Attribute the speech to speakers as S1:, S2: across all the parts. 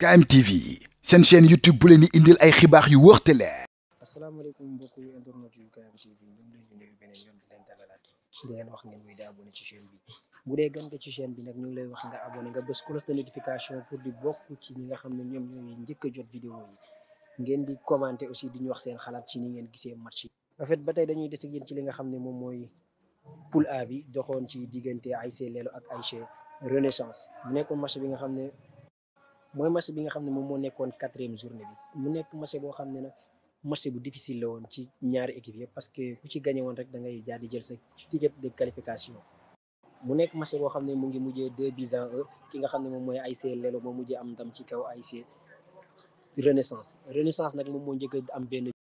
S1: KMTV une chaîne YouTube bu leen di indil ay xibaar yu wóor te leer. asalaamaaleykum mbokk yi internet yu KMTV
S2: ñu ngi leen di nuyu beneen yoon di leen dalalaat di leen wax ngeen muy abonné ci chaîne bi bu dé gën nga ci chaîne bi nak ñu lay wax nga abonné nga bëss cloche de notification pour di bokku ci ñi nga xam ne ñoom ñooy njëkk jot vidéo yi ngeen di commenter aussi di ñu wax seen xalaat ci ni ngeen gisee match yi. en fait ba tay dañuy des ak yeen ci li nga xamné mom moy mooy poule A bi doxoon ci diggante ASC Lelo ak ASC Renaissance mu nekkoon match bi nga xamné mooy match bi nga xam ne moom moo nekkoon quatrième journée bi mu nekk match boo xam ne nag match bu difficile la woon ci ñaari équipe yëpp parce que ku ci gagné woon rek dangay ngay jaar jël sa ticket de qualification mu nekk match boo xam ne mu ngi mujjee deux buts à un ki nga xam ne moom mooy ASC Lelo moo mujjee am ndam ci kaw ASC Renaissance Renaissance nag moom moo njëkk am benn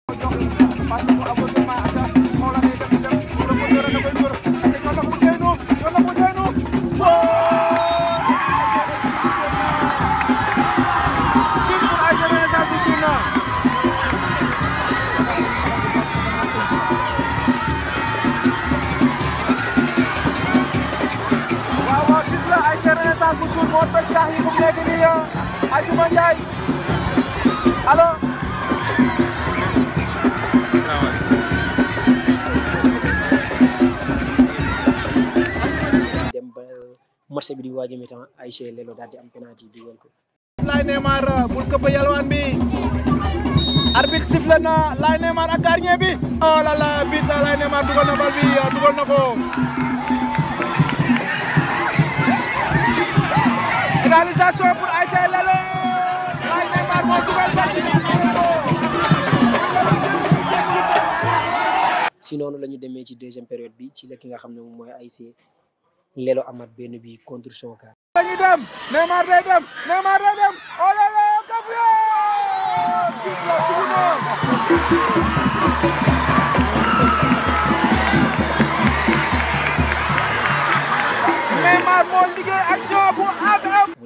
S1: Sur moo toj taax yi fu mu nekk nii Adjuma Ndiaye allo.
S2: marché bi di waaj e a mi temps di am penalty di dugal ko.
S1: Neymar bul bi arbitre sifflé na Laye Neymar ak gardien bi oh là là bit Laye Neymar dugal na bal bi dugal na égalisation pour Aïcha
S2: ci noonu la ñu demee ci deuxième période bi ci lekk ki nga xam ne moom mooy Aïcha Lélé amat benn bi contre Sonka
S1: lañu dem Neymar day dem Neymar day dem ololo oh kafuyo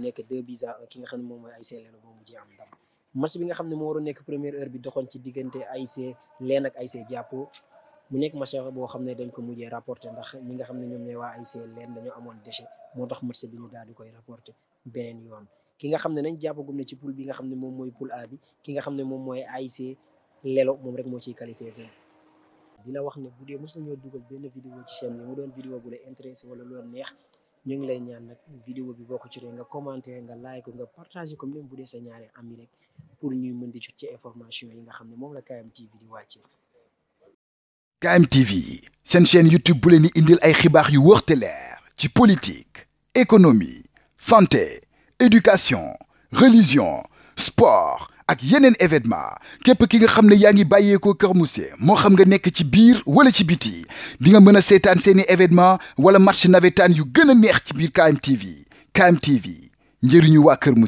S1: nekk deux buts à un ki nga xam
S2: ne moom mooy ASC Leno moo mujjee am ndam moo waroon nekk première heure bi e boo xam ne dañ ko mujjee rapporté ndax ñi nga xam ne ñoom ñooy waa ASC Leno dañoo amoon déchet moo tax match bi ñu daal di koy rapporté beneen yoon ki nga xam ne nañ jàppagum ne ci poule bi nga xam ne moom mooy poule A ki nga xam ne moom mooy ASC Leno moom rek moo ciy qualifié bi di la wax ne bu dee mos dugal benn vidéo ci chaîne bi mu doon vidéo bu la intéressé wala lu la neex ñu ngi lay ñaan nak vidéo bi boo ci rek nga commenter nga like nga partager comme même bu dee sa ñaari ami rek pour ñuy mënd ci ci information yi nga xamné mom la la TV di wàcce
S1: KMTV seen chaîne YouTube bu leni indil ay xibaar yu wërté lèr ci politique économie santé éducation religion sport ak yeneen événement képp ki nga xam ne yaa ngi bàyyeekoo Kër Mousse moo xam nga nekk ci biir wala ci biti di nga mën a seetaan seeni événement wala match navétane yu gën a neex ci biir KMTV KMTV njëriñu waa Kër Mousse